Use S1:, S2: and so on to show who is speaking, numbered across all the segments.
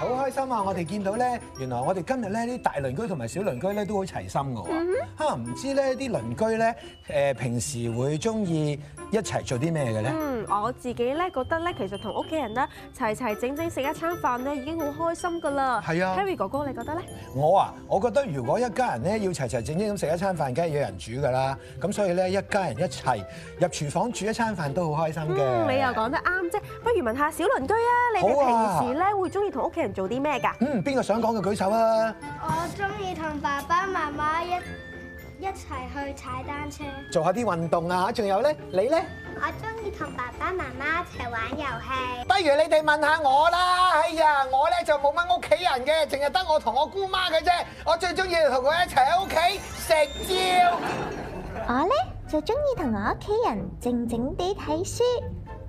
S1: 好開心啊！我哋見到咧，原來我哋今日咧啲大鄰居同埋小鄰居咧都好齊心㗎喎、啊。嚇唔知咧啲鄰居咧誒平時會中意一齊做啲咩嘅咧？
S2: 嗯，
S3: 我自己咧覺得咧，其實同屋企人咧齊齊整整食一餐飯咧已經好開心㗎啦。係啊，Harry 哥哥，你覺得咧？
S1: 我啊，我覺得如果一家人咧要齊齊整整咁食一餐飯，梗係有人煮㗎啦。咁所以咧一家人一齊入廚房煮一餐飯都好開心嘅、嗯。你又講
S3: 得啱啫。不如問下小鄰居啊，你哋平時咧好、啊、會中意同屋企人？做啲咩噶？
S1: 嗯，邊個想講嘅，舉手啊！我
S2: 中意同爸爸媽媽一一齊去踩單車，做下
S1: 啲運動啊！仲有咧，你咧？
S2: 我中意同爸爸媽媽一齊玩遊戲。
S1: 不如你哋問下我啦！哎呀，我咧就冇乜屋企人嘅，淨係得我同我姑媽嘅啫。我最中意同佢一齊喺屋企食蕉。
S2: 我咧就中意同我屋企人靜靜哋睇書，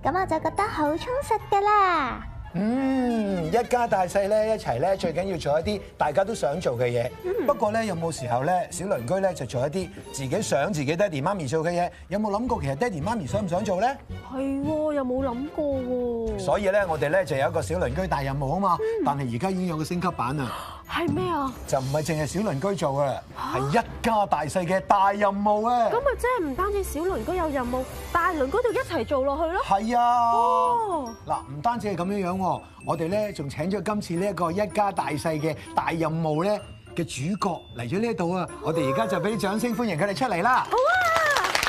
S2: 咁我就覺得好充實噶啦。
S1: 嗯，一家大細咧一齊咧，最緊要做一啲大家都想做嘅嘢。不過咧，有冇時候咧，小鄰居咧就做一啲自己想自己爹哋媽咪做嘅嘢？有冇諗過其實爹哋媽咪想唔想做咧？係喎，又
S3: 冇諗過喎。
S1: 所以咧，我哋咧就有一個小鄰居大任務啊嘛。但係而家已經有個升級版啦。
S3: 係咩
S1: 啊？是就唔係淨係小鄰居做啊，係一家大細嘅大任務啊。
S3: 咁啊，真係唔單止小鄰居有任務，大鄰居就一齊做落去咯。係
S1: 啊。嗱、啊，唔、哦、單止係咁樣樣喎，我哋咧仲請咗今次呢一個一家大細嘅大任務咧嘅主角嚟咗呢度啊！我哋而家就俾啲掌聲歡迎佢哋出嚟啦哇。好啊，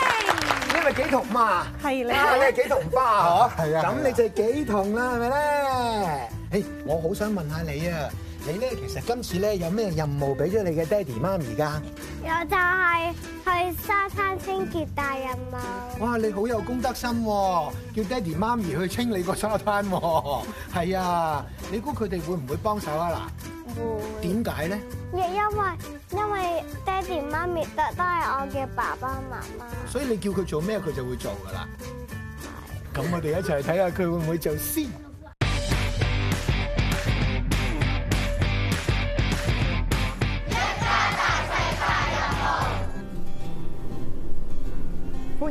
S1: 歡迎！你係幾童嘛？係啦。你係幾童包啊？係啊。咁你就係幾童啦，係咪咧？誒、啊，啊、我好想問下你啊。你咧其實今次咧有咩任務俾咗你嘅爹哋媽咪噶？
S2: 我就係去沙灘清潔大任
S1: 務。哇，你好有公德心，叫爹哋媽咪去清理個沙灘。係啊，你估佢哋會唔會幫手啊？嗱，會。點解咧？
S2: 因因為因為爹哋媽咪都係我嘅爸爸媽媽。
S1: 所以你叫佢做咩佢就會做噶啦。咁我哋一齊睇下佢會唔會做先。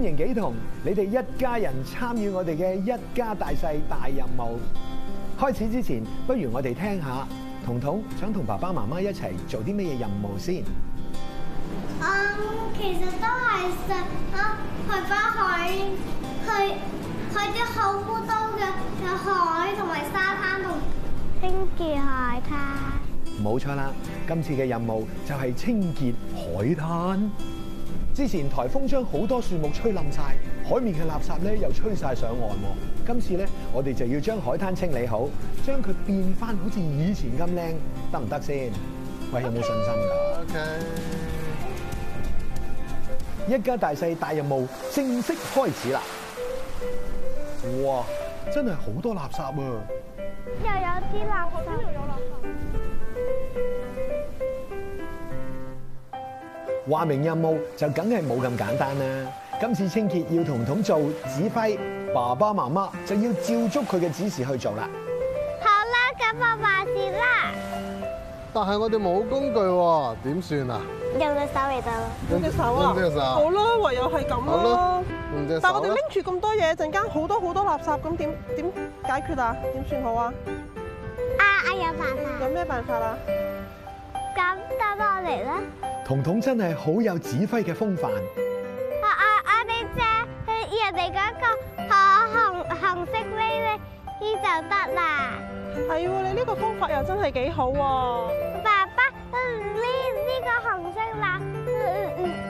S1: 歡迎幾同，你哋一家人參與我哋嘅一家大細大任務。開始之前，不如我哋聽下，彤彤想同爸爸媽媽一齊做啲咩嘢任務先？
S2: 啊，其實都係想去翻海，去去啲好孤島嘅有海，和和海，同埋沙灘同清潔海灘。
S1: 冇錯啦，今次嘅任務就係清潔海灘。之前颱風將好多樹木吹冧晒，海面嘅垃圾咧又吹晒上岸喎。今次咧，我哋就要將海灘清理好，將佢變翻好似以前咁靚，得唔得先？喂的，有冇信心㗎？O K，一家大細大任務正式開始啦！哇，真係好多垃圾喎，啊！又有啲垃圾，
S2: 又有垃圾，又有垃圾。
S1: 話明任務就梗係冇咁簡單啦！今次清潔要彤彤做指揮，爸爸媽媽就要照足佢嘅指示去做啦。
S2: 好啦，咁我話事啦。
S1: 但係我哋冇工具喎，點算啊？
S2: 用隻手嚟，得
S1: 啦，用隻手啊！好啦，唯有係咁啦。好啦，用隻手。但係我哋拎
S3: 住咁多嘢，陣間好多好多垃圾，咁點點解決啊？點算好啊？啊！有
S2: 辦法？有咩辦法啦？咁得我嚟啦！
S1: 彤彤真係好有指揮嘅風範，
S2: 啊。啊啊、那個、啊！你借人哋嗰個好紅紅色 V V V 就得啦。係，你呢個方法又真係幾好。爸爸，呢、嗯、呢、呢個紅色啦，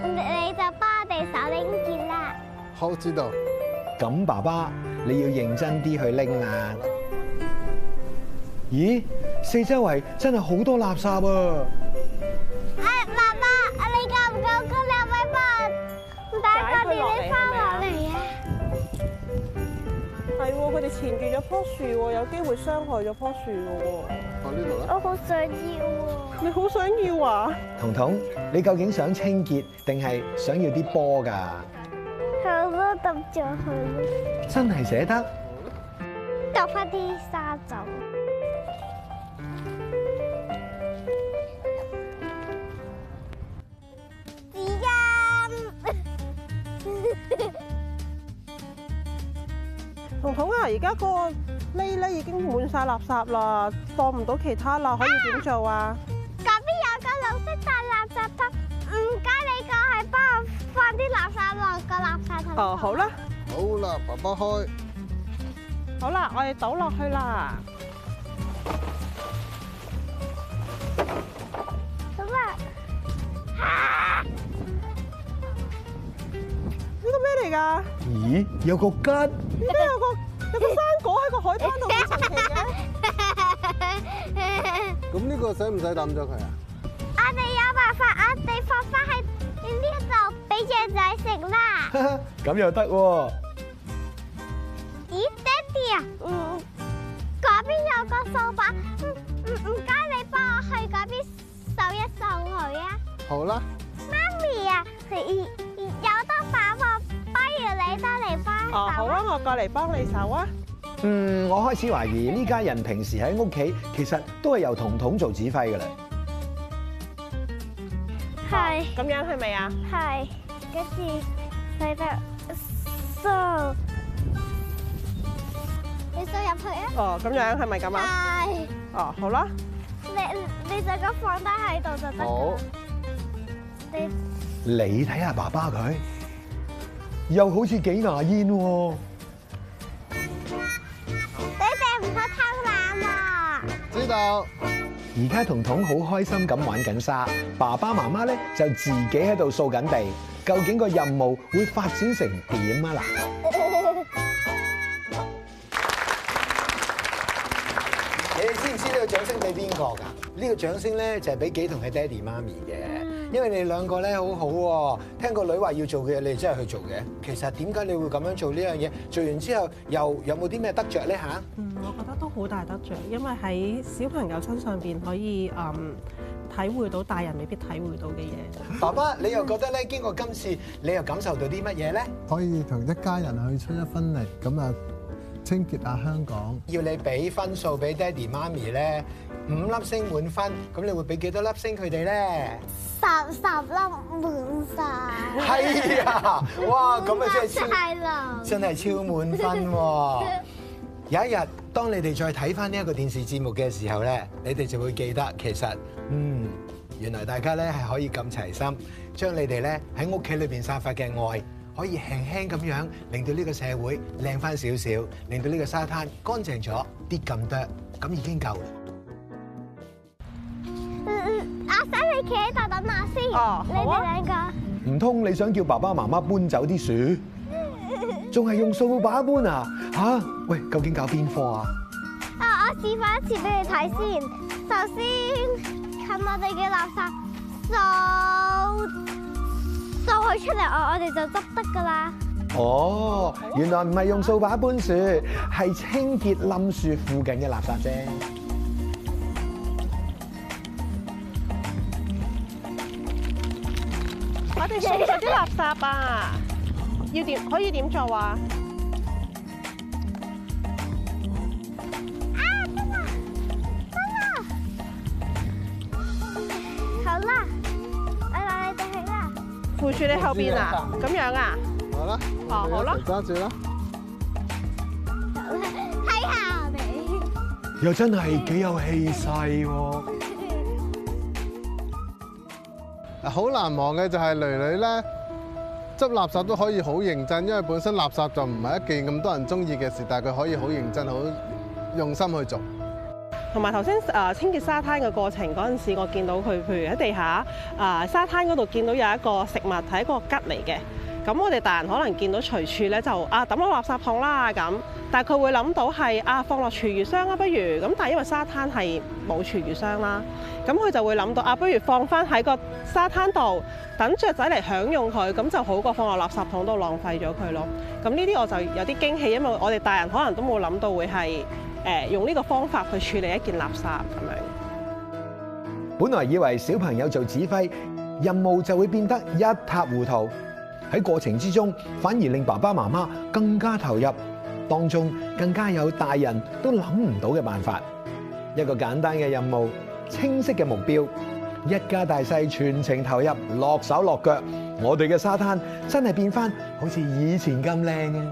S2: 你你就幫我哋手拎住啦。
S1: 好，知道。咁，爸爸你要認真啲去拎啦，啊。咦？四周圍真係好多垃圾啊！
S2: 阿爸爸，你夠唔夠今日買份買個墊底沙落嚟
S3: 啊？係喎，佢哋纏住咗棵樹喎，有機會傷害咗棵樹喎。
S2: 我好想要啊。你好想要啊？
S1: 彤彤，你究竟想清潔定係想要啲波噶？
S2: 係咯，揼咗佢，
S1: 真係捨得？
S2: 揼返啲沙走。.
S3: 彤彤 啊，而家嗰個呢咧已經滿晒垃圾啦，放唔到其他啦，可以點做啊？
S2: 嗰邊有個綠色大垃圾桶，唔該你過去幫我放啲垃圾落個垃圾桶。
S3: 哦，好啦，好啦，爸爸開。好啦，我哋倒落去啦。咩嚟噶？
S1: 咦，有個桔，點
S3: 解有個有個生果喺個海灘度嘅？
S1: 咁呢個使唔使抌咗佢啊？
S2: 我哋有辦法，我哋放翻喺呢度俾隻仔食啦。
S1: 咁又得喎？
S2: 咦，爹哋啊，嗯，嗰邊有個掃把，唔唔唔該，你幫我去嗰邊掃一掃佢啊。好啦。媽咪啊，有得把握。哦，好啦，我過
S3: 嚟幫你手啊。嗯，
S1: 我開始懷疑呢家人平時喺屋企，其實都係由彤彤做指揮噶啦。係。
S2: 咁樣係咪啊？係。跟住，睇下收，你想入去啊。哦，咁樣係咪咁啊？係。哦，好啦。你你就咁放低喺度就得。
S1: 好。你睇下爸爸佢。又好似幾牙煙喎！
S2: 你哋唔好偷懶啊！知道。
S1: 而家彤彤好開心咁玩緊沙，爸爸媽媽咧就自己喺度掃緊地。究竟個任務會發展成點啊？嗱，你哋知唔知呢個掌聲俾邊個㗎？呢個掌聲咧就係俾幾彤嘅爹哋媽咪嘅。因為你兩個咧好好喎，聽個女話要做嘅嘢，你真係去做嘅。其實點解你會咁樣做呢樣嘢？做完之後又有冇啲咩得着咧吓？嗯，
S3: 我覺得都好大得着，因為喺小朋友身上邊可以嗯，體會到大人未必體會到嘅嘢。
S1: 爸爸，你又覺得咧經過今次，你又感受到啲乜嘢咧？可以同一家人去出一分力，咁啊。清潔下香港。要你俾分數俾爹哋媽咪咧，五粒星滿分，咁你會俾幾多粒星佢哋咧？
S2: 十十粒滿分？係啊，哇！咁啊真係超滿分。真係超滿分。
S1: 有一日，當你哋再睇翻呢一個電視節目嘅時候咧，你哋就會記得，其實，嗯，原來大家咧係可以咁齊心，將你哋咧喺屋企裏邊散發嘅愛。可以輕輕咁樣令到呢個社會靚翻少少，令到呢個沙灘乾淨咗啲咁多，咁已經夠啦。
S2: 阿生、啊，你企喺度等下先，你哋兩個、啊。
S1: 唔通你想叫爸爸媽媽搬走啲樹？仲係用掃把搬啊？吓？喂，究竟搞邊科啊？
S2: 啊！我示範一次俾你睇先。首先，冚我哋嘅垃圾掃。掃佢出嚟，我我哋就執得噶啦。
S1: 哦，原來唔係用掃把搬樹，係清潔冧樹附近嘅垃圾啫。
S3: 我哋掃晒啲垃圾啊！要點可以點做啊？
S2: 護住你後邊啊！咁樣
S3: 啊？好啦，哦好啦，揸住啦，睇
S1: 下你又真係幾有氣勢喎！好難忘嘅就係囡囡
S3: 咧，執垃圾都可以好認真，因為本身垃圾就唔係一件咁多人中意嘅事，但係佢可以好認真、好用心去做。同埋頭先誒清潔沙灘嘅過程嗰陣時，我見到佢，譬如喺地下啊沙灘嗰度見到有一個食物係一個吉嚟嘅。咁我哋大人可能見到隨處咧就啊抌落垃圾筒啦咁，但係佢會諗到係啊放落廚餘箱啦、啊、不如咁，但係因為沙灘係冇廚餘箱啦，咁佢就會諗到啊不如放翻喺個沙灘度等雀仔嚟享用佢，咁就好過放落垃圾筒都浪費咗佢咯。咁呢啲我就有啲驚喜，因為我哋大人可能都冇諗到會係。誒用呢個方法去處理一件垃圾，
S1: 本來以為小朋友做指揮任務就會變得一塌糊塗，喺過程之中反而令爸爸媽媽更加投入當中，更加有大人都諗唔到嘅辦法。一個簡單嘅任務，清晰嘅目標，一家大細全程投入，落手落腳，我哋嘅沙灘真係變返好似以前咁靚啊！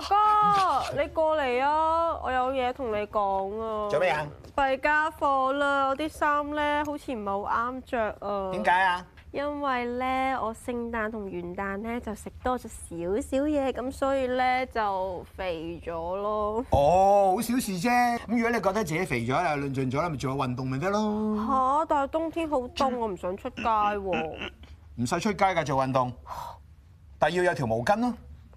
S3: 哥哥，你過嚟啊！我有嘢同你講啊。做咩啊？弊家伙啦，我啲衫咧好似唔係好啱着啊。點解啊？因為咧，我聖誕同元旦咧就食多咗少少嘢，咁所以咧就肥咗咯。
S1: 哦，好小事啫。咁如果你覺得自己肥咗又論盡咗，咪做下運動咪得咯。
S3: 吓，但係冬天好凍，我唔想出街喎。唔
S1: 使出街噶，做運動，但要有條毛巾咯。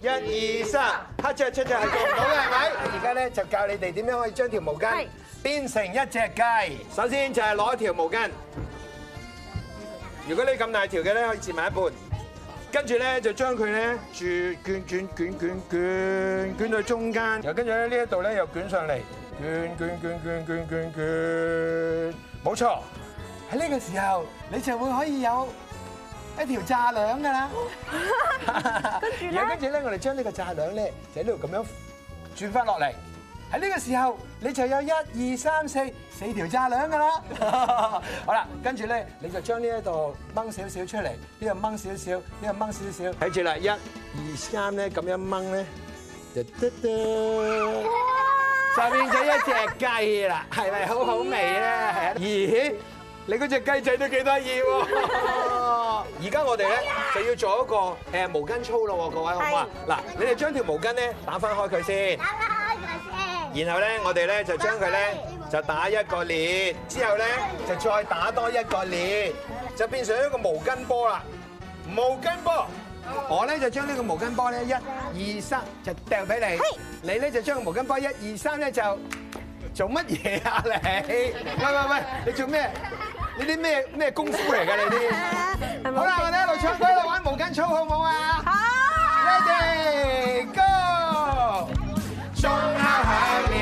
S1: 一、二、三，黑漆漆就係做唔到嘅，係咪？而家咧就教你哋點樣可以將條毛巾變成一隻雞。首先就係攞一條毛巾，如果你咁大條嘅咧，可以折埋一半。跟住咧就將佢咧轉、卷、卷、卷、卷、卷、捲到中間。然後跟住咧呢一度咧又捲上嚟，捲、卷、卷、卷、卷、卷、捲。冇錯，喺呢個時候你就會可以有。一條炸兩㗎啦，然後跟住咧，我哋將呢個炸兩咧就喺呢度咁樣轉翻落嚟，喺呢個時候你就有一二三四四條炸兩㗎啦。好啦，跟住咧你就將呢一度掹少少出嚟，呢度掹少少，呢度掹少少，睇住啦，一二三咧咁樣掹咧，就得得，就變成一隻雞啦，係咪好好味啊？咦，你嗰隻雞仔都幾得意喎！而家我哋咧就要做一個誒毛巾操咯喎，各位好唔好啊？嗱，你哋將條毛巾咧打翻開佢先，打翻開佢先。然後咧，我哋咧就將佢咧就打一個鏈，之後咧就再打多一個鏈，就變成一個毛巾波啦。毛巾波，我咧就將呢個毛巾波咧一、二、三就掟俾你，你咧就將個毛巾波一、二、三咧就做乜嘢啊你？喂喂喂，你做咩？你啲咩咩功夫嚟㗎？你啲好啦，我哋一路唱歌，一路玩毛巾操，好唔好啊？好，Ready go，雙敲響了，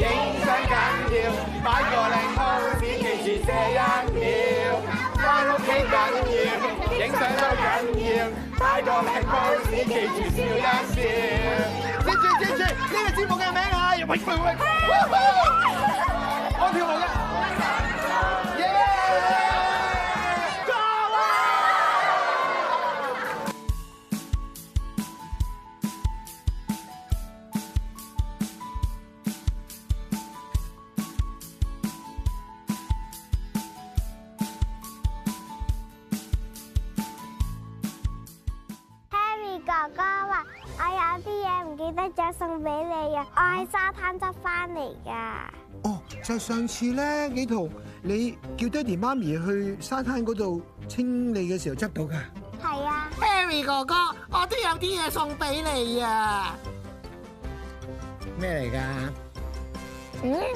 S1: 影相緊要，擺個靚 pose 記住這一秒，翻屋企緊要，影相都緊要，擺個靚 pose 記住笑一笑。記住，記住，呢個節目嘅名啊，唔係唔係，我跳舞嘅。
S2: 一隻送俾你啊！我喺沙灘執翻嚟噶。
S1: 哦，就係上次咧，李彤，你叫爹哋媽咪去沙灘嗰度清理嘅時候執到噶。係啊。Mary 哥哥，我都有啲嘢送俾你啊。咩嚟噶？嗯。